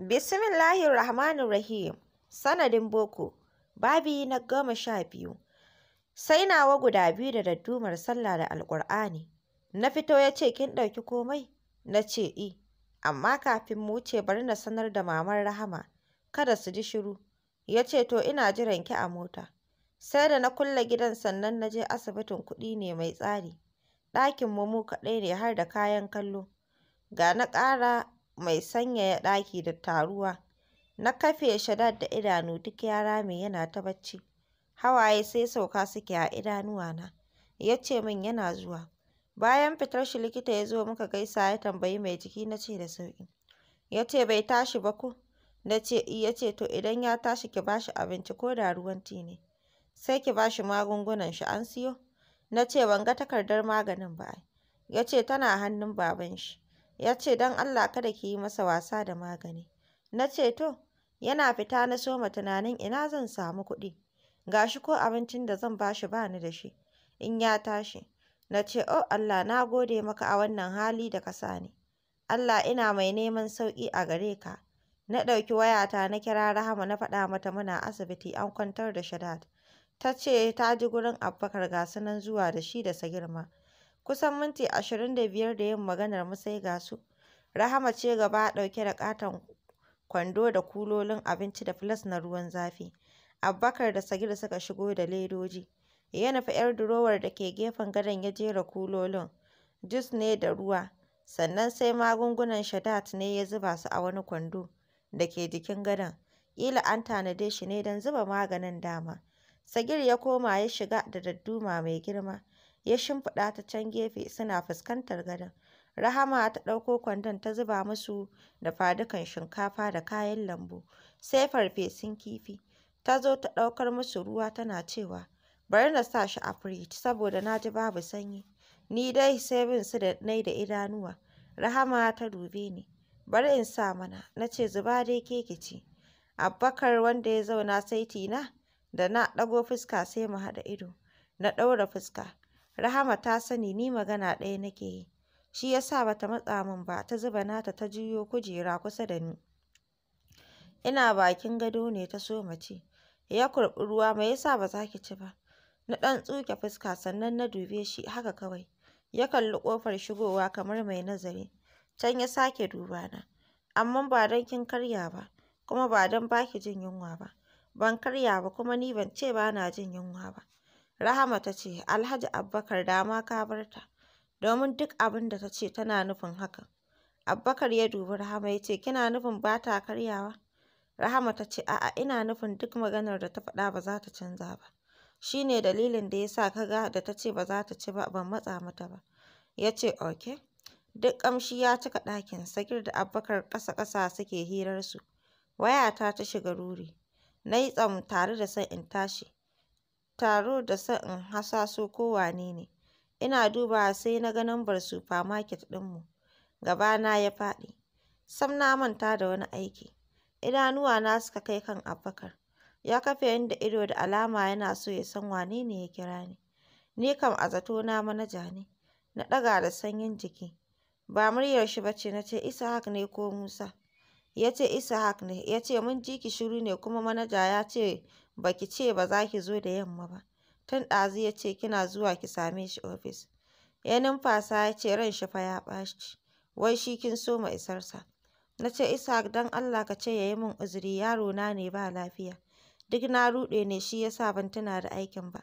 Bismillahirrahmanirrahim. Sanadin Boko. Babi na goma sha biyu. Sai nawa guda biyu da daddumar sallah da Alƙur'ani. Na fito ya ce kin ɗauki komai? Na ce i. Amma kafin mu ce bari na sanar da Maman Rahama. Kada su ji shiru. Ya ce to ina jiran ki a mota. Sai da na kulle gidan sannan na je asibitin kuɗi ne mai tsari. Ɗakin mu mu kaɗai ne har da kayan kallo. Ga na ƙara mai sanyaya ɗaki da taruwa. Na kafe shadar da idanu duk ya rame yana ta bacci. Hawaye sai sauka suke a idanuwana. Ya ce min yana zuwa. Bayan fitar shi likita ya zo muka gaisa ya tambayi mai jiki na ce da sauƙi. Ya ce bai tashi ba ko? Na ce ya ce to idan ya tashi ki ba shi abinci ko da ruwan ti ne. Sai ki ba shi magungunan shi an siyo. Na ce ban ga takardar maganin ba Ya ce tana hannun baban shi. ya ce don Allah kada ki yi masa wasa da magani. Na ce to, yana fita na soma tunanin ina zan samu kuɗi. Ga shi ko abincin da zan bashi ba ni da shi. In ya tashi, na ce, "Oh Allah, na gode maka a wannan hali da ka sa ni. Allah ina mai neman sauƙi a gare ka." Na ɗauki wayata na kira Rahama na faɗa mata muna asibiti an kwantar da shadad Ta ce ta ji gurin Abubakar ga sunan zuwa da shi da sa girma. Kusan minti ashirin da biyar da yin maganar mu sai ga su. Rahama ce gaba a ɗauke da katon kwando da kulolin abinci da filas na ruwan zafi. Abubakar da Sagir suka shigo da ledoji. Ya nufi 'yar durowar da ke gefen gadon ya jera kulolin. Jus ne da ruwa, sannan sai magungunan Shadat ne ya zuba su a wani kwando da ke jikin gadon. Ila an tanade shi ne don zuba maganin dama. Sagir ya koma ya shiga da dadduma mai girma. ya shimfiɗa ta can gefe suna fuskantar gadon. Rahama ta ɗauko kwandon ta zuba musu da fadukan shinkafa da kayan lambu, sai farfesun kifi. Ta zo ta ɗaukar musu ruwa tana cewa, bari na sa shi a firij saboda na ji babu sanyi. Ni dai sai bin su da nai da idanuwa. Rahama ta dube ni. Bari in sa mana, na ce zuba dai keke ce. Abbakar wanda ya zauna saiti na, da na ɗago fuska sai mu haɗa ido. Na ɗaura fuska. Rahama ta sani ni magana ɗaya nake yi, shi ya sa ba ta matsa min ba, ta zuba nata ta juyo kujera kusa da ni. Ina bakin gado ne ta soma ci, ya kurɓi ruwa me ya sa ba za ki ci ba? Na ɗan tsuke fuska sannan na dube shi haka kawai, ya kalli ƙofar shigowa kamar mai nazari, can ya sake duba na. Amma ba don kin karya ba, kuma ba don ba ki jin yunwa ba, ban karya ba kuma ni ban ce ba na jin yunwa ba. Rahama ta ce, Alhaji Abubakar dama ka bar ta, domin duk abin da ta ce tana nufin hakan. Abubakar ya dubi Rahama ya ce, Kina nufin ba ta karyawa? Rahama ta ce, A'a, ina nufin duk maganar da ta faɗa ba za ta canza ba. Shi ne dalilin da ya sa ka ga da ta ce ba za ta ci ba, ban matsa mata ba. Ya ce, Ok. Duk ƙamshi ya cika ɗakin, Sagir da Abubakar ƙasa-ƙasa suke hirarsu. Wayata ta shiga ruri. Na yi tsam tare da son in tashi. taro da in hasaso ko wane ne, ina dubawa sai na ga lambar supamaket ɗinmu, gabana ya faɗi, sam na manta da wani aiki, Idanuwa na suka kai kan abakar ya kafe yin da ido da alama yana so ya san wane ne ya kira ni, ni kam a zato na manaja ne, na ɗaga da sanyin jiki, ba muryar shi ba ce na ce Ishaq ne ko Musa? ya ce Ishaq ne, ya ce mun ji ki shiru ne kuma manaja ya ce ba ki ce ba za ki zo da yamma ba. Tun ɗazu ya ce kina zuwa ki same shi ofis. Ya numfasa ya ce ran shi fa ya ɓaci. Wai shi kin so ma isarsa. Na ce isa don Allah ka ce ya yi min uzuri yaro na ne ba lafiya. Duk na ruɗe ne shi yasa ban tuna da aikin ba.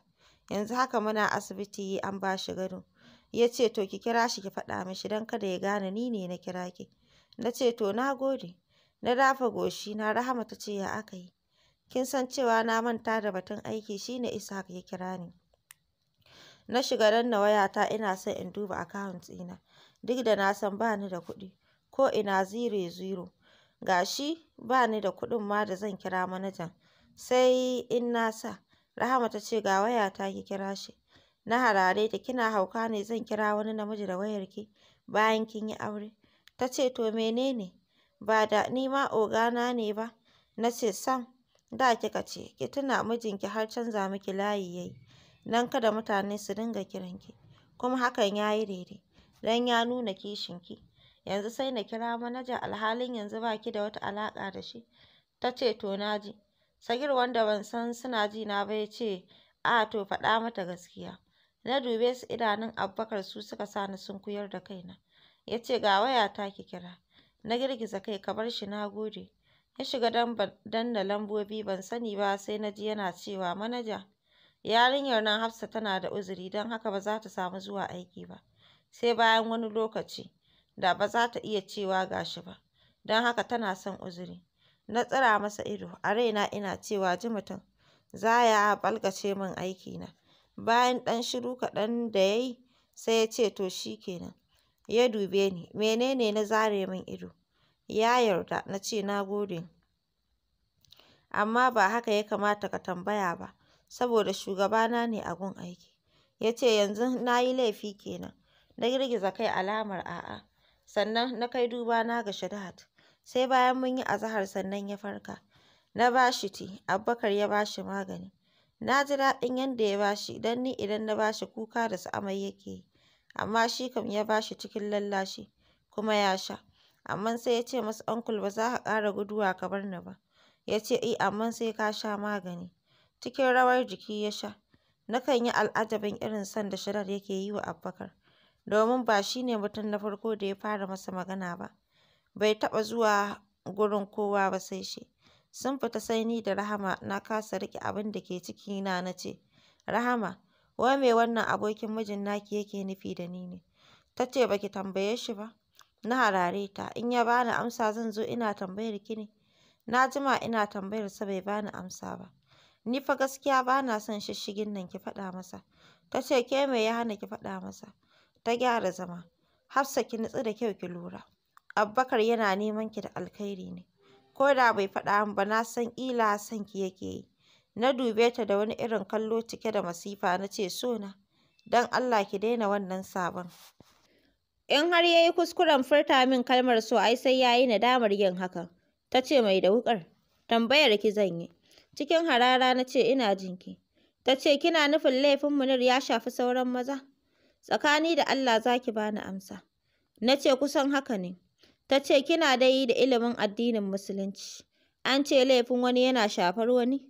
Yanzu haka muna asibiti an ba shi gado. Ya ce to ki kira shi ki faɗa mishi don kada ya gane ni ne na kira ki. Na ce to na gode. Na dafa goshi na Rahama ta ce ya aka yi. kin san cewa na manta da batun aiki shine Ishaq ya kira ni na shiga danna wayata ina son in duba account ɗina duk da na san ba ni da kuɗi ko ina zero zero gashi ba ni da kuɗin ma da zan kira manajan sai in na sa Rahama ta ce ga wayata ki kira shi na harare ta kina hauka ne zan kira wani namiji da wayarki bayan kin yi aure ta ce to menene ba da ni ma ogana ne ba na ce sam da kika ce ki tuna mijinki har canza miki layi yayi nan kada mutane su dinga kiranki kuma hakan yayi daidai dan ya nuna ki. yanzu sai na kira manaja alhalin yanzu baki da wata alaƙa da shi tace to naji Sagir wanda ban san suna ji na ba yace a to faɗa mata gaskiya na dube su idanun Abubakar su suka sa ni sunkuyar da kaina ya ce ga wayata ki kira na girgiza kai ka bar shi na gode Ya shiga danna lambobi ban sani ba sai na ji yana cewa, Manaja, yarinyar nan Hafsa tana da uzuri don haka ba za ta samu zuwa aiki ba, sai bayan wani lokaci da ba za ta iya cewa ga shi ba, don haka tana son uzuri. Na tsira masa ido, a raina ina cewa ji mutum, za ya balgace min na, Bayan ɗan shiru kaɗan da ya yi, sai ya ce to shi kenan. Ya dube ni, menene na zare min ido? Ya yarda, na ce na gode. Amma ba haka ya kamata ka tambaya ba, saboda shugabana ne a gun aiki. Ya ce yanzu na yi laifi kenan. Na girgiza kai alamar a'a. Sannan na kai duba na ga Shadad. Sai bayan mun yi azahar sannan ya farka. Na ba shi ti Abubakar ya ba shi magani. Na ji daɗin yadda ya ba shi, don ni idan na ba shi kuka da su amai yake yi. Amma shi kam ya ba shi cikin lallashi, kuma ya sha. amma sai ya ce masa uncle ba za ka ƙara guduwa ka bar ni ba. Ya ce eh amma sai ka sha magani. Cikin rawar jiki ya sha. Nakan yi al'ajabin irin son da Sharar yake yi wa Abubakar. Domin ba shi ne mutum na farko da ya fara masa magana ba. Bai taɓa zuwa gurin kowa ba sai shi. Sun fita sai ni da Rahama na kasa riƙe abin da ke cikina na ce, Rahama, wai me wannan abokin mijin naki yake nufi da ni ne? Ta ce ba ki tambaye shi ba. Na harare ta, in ya bani amsa zan zo ina tambayar ki ne. Na jima ina tambayar sa bai bani amsa ba. Ni fa gaskiya bana son shishigin nan ki faɗa masa. Ta ce ke me ya hana ki faɗa masa. Ta gyara zama. Hafsa ki nutsu da kyau ki lura. Abubakar yana neman ki da alkhairi ne. Ko da bai faɗa min ba na san ƙila san ki yake yi. Na dube ta da wani irin kallo cike da masifa na ce so na. Don Allah ki daina wannan sabon. In har ya yi kuskuren furta min kalmar so ai sai ya yi nadamar yin hakan. Ta ce mai da wuƙar, tambayar ki zan yi. Cikin harara na ce ina jinki. Ta ce kina nufin laifin Munir ya shafi sauran maza? Tsakani da Allah za ki bani amsa. Na ce kusan haka ne. Ta ce kina yi da ilimin addinin Musulunci. An ce laifin wani yana shafar wani?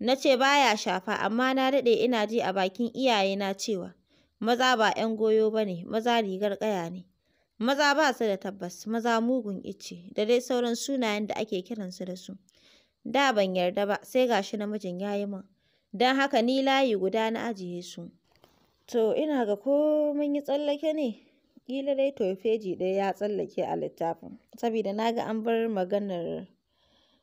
Na ce baya shafa amma na daɗe ina ji a bakin iyayena cewa Maza ba ‘yan goyo ba ne, maza rigar ƙaya ne. Maza ba su da tabbas, maza mugun ice da dai sauran sunayen da ake kiransu da su. Da ban yarda ba, sai gashi shi namijin ya yi min. Don haka ni layi guda na ajiye su. To ina ga ko mun yi tsallake ne? Ƙila dai tofeji ɗaya ya tsallake a littafin, saboda na ga an bar maganar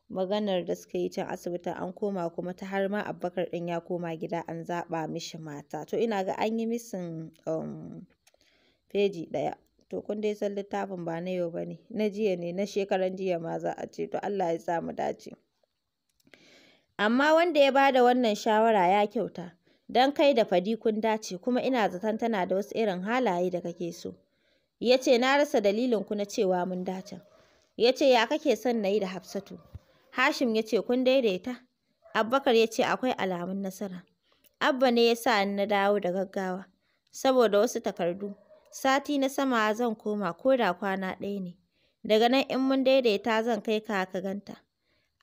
maganar da suka yi can asibitin an koma kuma ta har ma Abubakar ɗin ya koma gida an zaɓa mishi mata to ina ga an yi misin feji um, ɗaya to kun dai san littafin ba na yau ba ne na jiya ne na shekaran jiya ma za a ce to Allah ya sa dace amma wanda ya bada wannan shawara ya kyauta don kai da fadi kun dace kuma ina zaton tana da wasu irin halaye da kake so ya ce na rasa dalilin ku na cewa mun dace ya ce ya kake son na yi da Hafsatu Hashim ya ce, Kun daidaita? Abubakar ya ce, Akwai alamun nasara. Abba ne ya sa na dawo da gaggawa, saboda wasu takardu. Sati na sama zan koma ko da kwana ɗaya ne. Daga nan in mun daidaita zan kai ka ka ganta.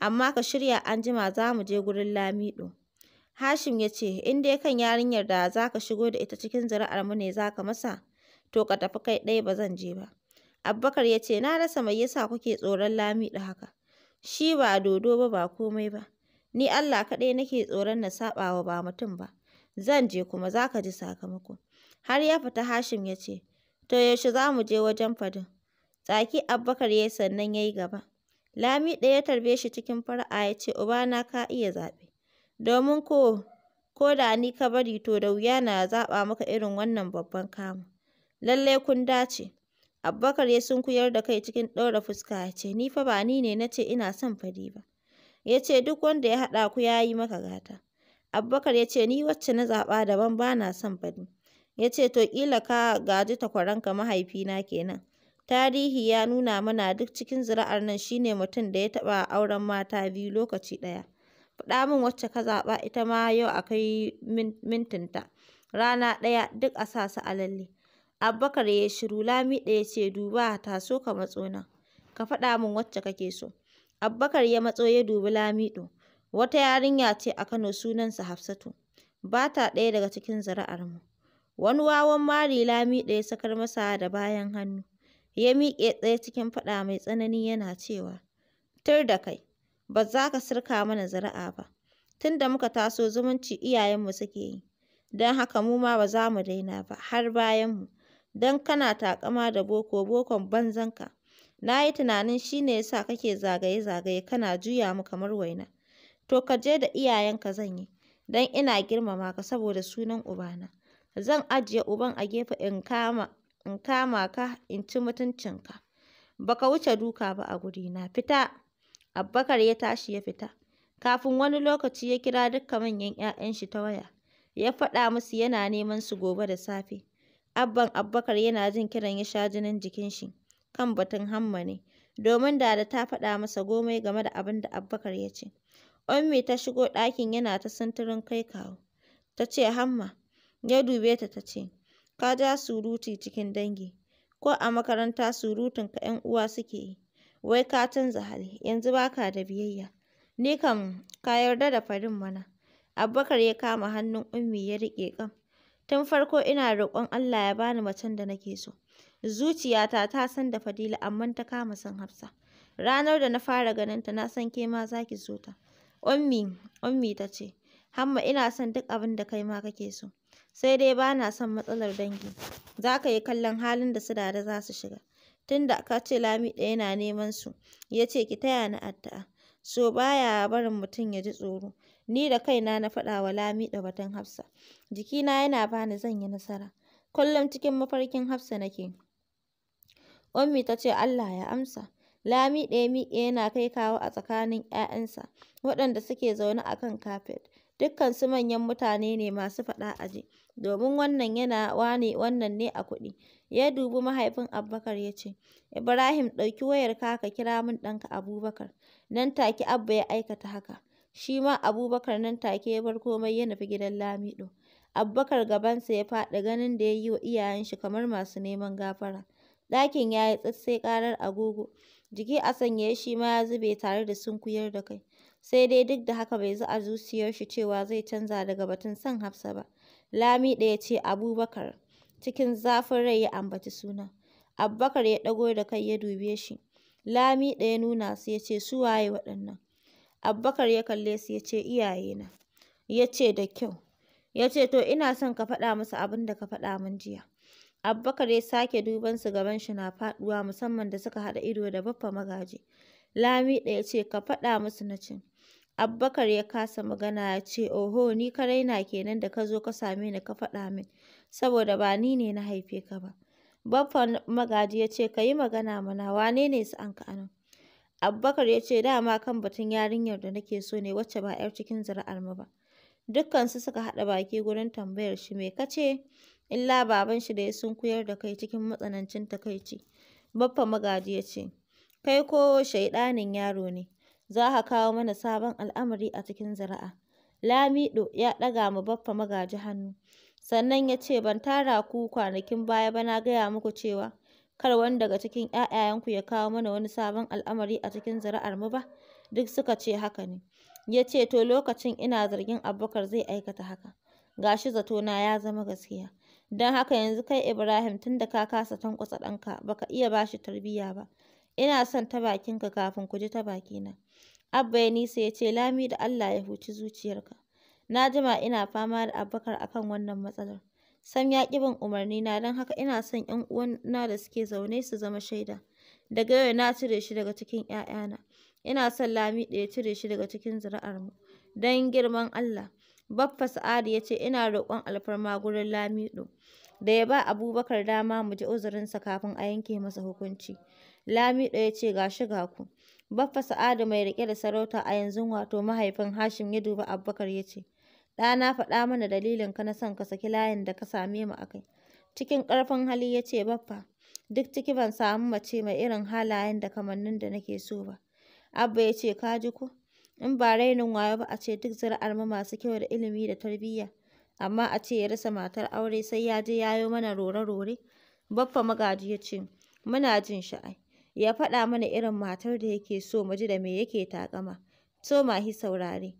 Amma ka shirya an jima za mu je gurin Lamido. Hashim ya ce, In dai kan yarinyar da za ka shigo da ita cikin zuri'ar mu ne za ka masa, to ka tafi kai ɗaya ba zan je ba. Abubakar ya ce, Na rasa mai yasa kuke tsoron Lamido haka. Shi ba dodo ba, ba komai ba. Ni Allah kaɗai nake tsoron na saɓawa ba mutum ba. Zan je kuma za ka ji sakamako. Har ya fita Hashim ya ce, To yaushe za mu je wajen Fadin? Tsaki Abubakar ya yi sannan ya yi gaba. Lami ɗaya ya tarbe shi cikin fara'a ya ce, na ka iya zaɓe. Domin ko ko da ni ka bari to da wuya na zaɓa maka irin wannan babban kamu. Lallai kun dace. Abubakar ya sunkuyar da kai cikin ɗaura fuska ya ce, Ni fa ba ni ne na ce ina son fari ba. Ya ce, Duk wanda ya haɗa ku ya yi maka gata. Abubakar ya ce, Ni wacce na zaɓa daban ba na son fari. Ya ce, To ƙila ka gaji takwaranka mahaifina kenan. Tarihi ya nuna mana duk cikin zira'ar nan shine mutum da ya taɓa auren mata biyu lokaci ɗaya. Faɗa min wacce ka zaɓa ita ma yau akwai mintinta. Rana ɗaya duk a sa su a lalle. Abubakar ya shiru, lami ya ce, Duba, taso ka matso nan, ka faɗa min wacce kake so. Abubakar ya matso ya dubi Lamido. Wata yarinya ce a Kano sunansa Hafsatu. Ba ta ɗaya daga cikin zuri'armu. Wani wawan mari lami ya sakar masa da bayan hannu. Ya miƙe tsaye cikin faɗa mai tsanani yana cewa, Tur da kai, ba za ka sirka mana zuri'a ba. Tun da muka taso zumunci iyayenmu suke yi, don haka mu ma ba za mu daina ba har bayan mu don kana taƙama da boko, bokon banzanka. Na yi tunanin shi ne ya kake zagaye-zagaye kana juya mu kamar waina. To ka je da iyayenka zan yi, don ina girmama ka saboda sunan ubana. Zan ajiye uban a gefe in kama ka in ci mutuncinka. Ba ka wuce duka ba a guri na fita! Abubakar ya tashi ya fita. Kafin wani lokaci ya kira dukka manyan 'ya'yan shi ta waya. Ya faɗa musu yana neman su gobe da safe. Abban Abbakar yana jin kiran ya sha jinin jikin shi kan batun Hamma ne, domin Dada ta faɗa masa komai game da abin da Abbakar ya ce. Ummi ta shigo ɗakin yana ta sintirin kai kawo. Ta ce Hamma, ya dube ta ta ce, ka ja surutu cikin dangi, ko a makaranta surutun ka 'yan uwa suke yi, wai ka canza hali, yanzu ba ka da biyayya. Ni kam ka yarda da farin mana. Abubakar ya kama hannun Ummi ya riƙe ƙam. Tun farko ina roƙon Allah ya bani macen da nake so. Zuciyata ta san da Fadila amma ta kama san Hafsa. Ranar da na fara ganin ta na san ke ma za ki so ta. Ummi, Ummi ta ce, Hamma ina son duk abin da kai ma kake so. Sai dai ba na son matsalar dangi. Za ka yi kallon halin da su da za su shiga. Tunda ka ce lami ɗaya na neman su, ya ce ki taya ni addu'a. so ba ya barin mutum ya ji tsoro. Ni da kaina na faɗa wa da batun Hafsa. Jikina yana bani zan yi nasara. Kullum cikin mafarkin Hafsa nake. Ummi ta ce Allah ya amsa. Lami ɗaya miƙe yana kai kawo a tsakanin ‘ya'yansa waɗanda suke zaune a kan kafet. Dukkansu manyan mutane ne masu faɗa a aji, domin wannan yana wane wannan ne a kuɗi. Ya dubi mahaifin Abubakar ya ce, Ibrahim ɗauki wayarka ka kira min ɗanka Abubakar. Nan take Abba ya aikata haka. Shi ma Abubakar nan take ya bar komai ya nufi gidan Lamido. Abubakar gabansa ya faɗi ganin da ya yi wa iyayen shi kamar masu neman gafara. Ɗakin ya yi tsit sai ƙarar agogo. Jiki a sanyaye shi ma ya zube tare da sunkuyar da kai. Sai dai duk da haka bai ji a zuciyar shi cewa zai canza daga batun son Hafsa ba. Lami ya ce Abubakar. Cikin zafin rai ya ambaci suna. Abubakar ya ɗago da kai ya dube shi. Lami ya nuna su ya ce, Su waye waɗannan? Abubakar ya kalle su ya ce, "Iyaye na." Ya ce, Da kyau. Ya ce, To ina son ka faɗa musu abin da ka faɗa min jiya. Abubakar ya sake duban su gaban shi na faɗuwa musamman da suka haɗa ido da baffa magaji. Lami ya ce, Ka faɗa musu na cin. Abubakar ya kasa magana ya ce, Oho, ni ka na kenan da ka zo ka same ni ka faɗa min, saboda ba ni ne na haife ka ba. Baffan Magaji ya ce, ka yi magana mana, wane ne su Abubakar ya ce, dama kan batun yarinyar da nake so ne wacce ba 'yar cikin mu ba. Dukkansu suka haɗa baki gurin tambayar shi me kace illa baban shi da ya sunkuyar da kai cikin matsanancin takaici. Baffa Magaji ya ce, kai ko shaiɗanin yaro ne, za ka kawo mana sabon al'amari a cikin zuri'a. Lamido ya ɗaga ma Baffa Magaji hannu. Sannan ya ce, Ban tara ku kwanakin baya ba na gaya muku cewa, Kar wani daga cikin ’ya'yayenku ya kawo mana wani sabon al'amari a cikin zuri'armu ba? Duk suka ce, Haka ne. Ya ce, To, lokacin ina zargin Abubakar zai aikata haka. Ga shi zato na ya zama gaskiya. Don haka yanzu kai Ibrahim tun da ka kasa tankwasa ɗanka ba ka iya ba shi tarbiyya ba, ina son ta bakinka kafin ku ji ta bakina. Abba ya nisa ya ce, Lami da Allah ya huci zuciyarka. Na jima ina fama da Abubakar a kan wannan matsalar. Sam ya ƙi bin umarnina don haka ina son 'yan uwana da suke zaune su zama shaida. Daga yau na cire shi daga cikin 'ya'yana. Ina son Lamido ya cire shi daga cikin zuri'armu. Don girman Allah. Baffa Sa'adu ya ce ina roƙon alfarma gurin Lamido da ya ba Abubakar dama mu ji uzurinsa kafin a yanke masa hukunci. Lamido ya ce ga shi ga ku. Baffa Sa'adu mai riƙe da sarauta a yanzu wato mahaifin Hashim ya duba Abubakar ya ce Ɗana faɗa mana dalilin ka na son ka saki layin da ka same mu a kai. Cikin ƙarfin hali ya ce, Baffa, duk ciki ban samu mace mai irin halayen da kamannin da nake so ba. Abba ya ce, Ka ji ko? In ba rainin wayo ba a ce duk zuri'ar mu masu kyau da ilimi da tarbiyya. Amma a ce ya rasa matar aure sai ya je yayo mana rore-rore. Baffa magaji ya ce, Muna jin sha'ai. Ya faɗa mana irin matar da yake so mu ji da me yake takama? So ma hi saurare.